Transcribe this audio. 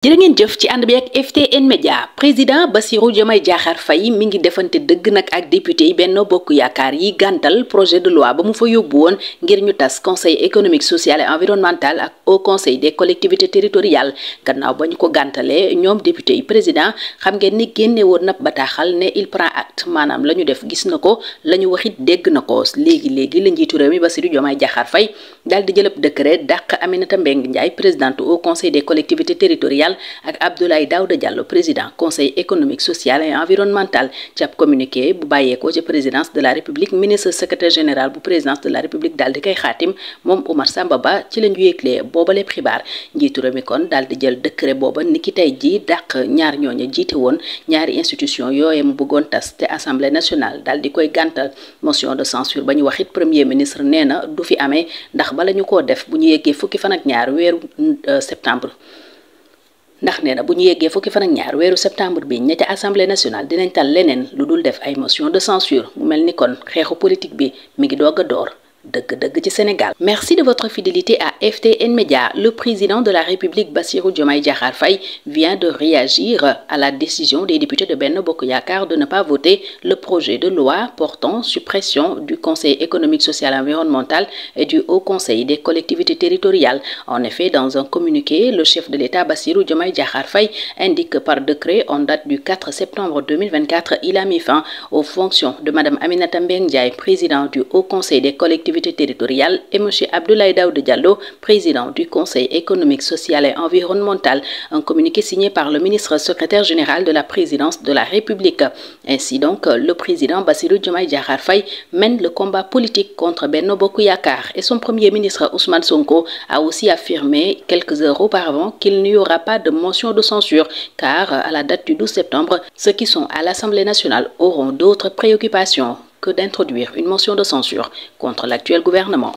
jërë ngeen jëf ci ànd bi ak FTN Media, président Basiru Diomaye Diakhar Faye mi ngi defante dëgg nag ak député yi Benno Bokk Yaakaar yi gàntal projet de loi ba mu fa yóbbu woon ngir ñu tas conseil économique social et environnemental ak au conseil des collectivités territoriales gannaaw ba ñu ko gàntalee ñoom député yi président xam ngeen ni génne woon na bataaxal ne il prend acte maanaam la ñu def gis na ko la ñu waxit dégg na ko léegi léegi la njiitu réew mi Bassirou Diomaye Diakhar Faye daal di jëlëb décret dàq Aminata Mbengue Ndiaye présidente au conseil des collectivités territoriales ak Abdoulaye Daouda Diallo président conseil économique social et environnemental ci communiqué bu ko ci présidence de la république ministre secrétaire général bu présidence de la république dal di koy khatim Oumar Samba Ba ci la ñu yëgle booba lépp xibaar njiitu kon Nyar di jël décret ñaar institution yoyé mu bëggon assemblée nationale dal di koy motion de censure bañu premier ministre Nena, du fi amé ndax ba ko def bu ñu fukki fan ak ñaar euh, septembre ndax nee na bu ñu yeggee fukki fan ñaar weeru septembre bi ña ca assemblée nationale dinañ tal leneen lu dul def ay motion de censure mu mel ni kon xeexu politique bi mi ngi doog door merci de votre fidélité à FTN Media. le président de la République Bassirou Diomaye Diakhar vient de réagir à la décision des députés de Benno Bokoyakar de ne pas voter le projet de loi portant suppression du Conseil économique social et environnemental et du Haut Conseil des collectivités territoriales en effet dans un communiqué le chef de l'État Bassirou Diomaye Diakhar indique par décret en date du 4 septembre 2024 il a mis fin aux fonctions de Madame Aminata Mbengue président du Haut Conseil des collectivités collectivités et M. Abdoulaye Daoud Diallo, président du Conseil économique, social et environnemental, un communiqué signé par le ministre secrétaire général de la présidence de la République. Ainsi donc, le président Bassirou Diomaye Diakhar mène le combat politique contre Benno Bokuyakar et son premier ministre Ousmane Sonko a aussi affirmé quelques heures auparavant qu'il n'y aura pas de motion de censure car à la date du 12 septembre, ceux qui sont à l'Assemblée nationale auront d'autres préoccupations que d'introduire une motion de censure contre l'actuel gouvernement.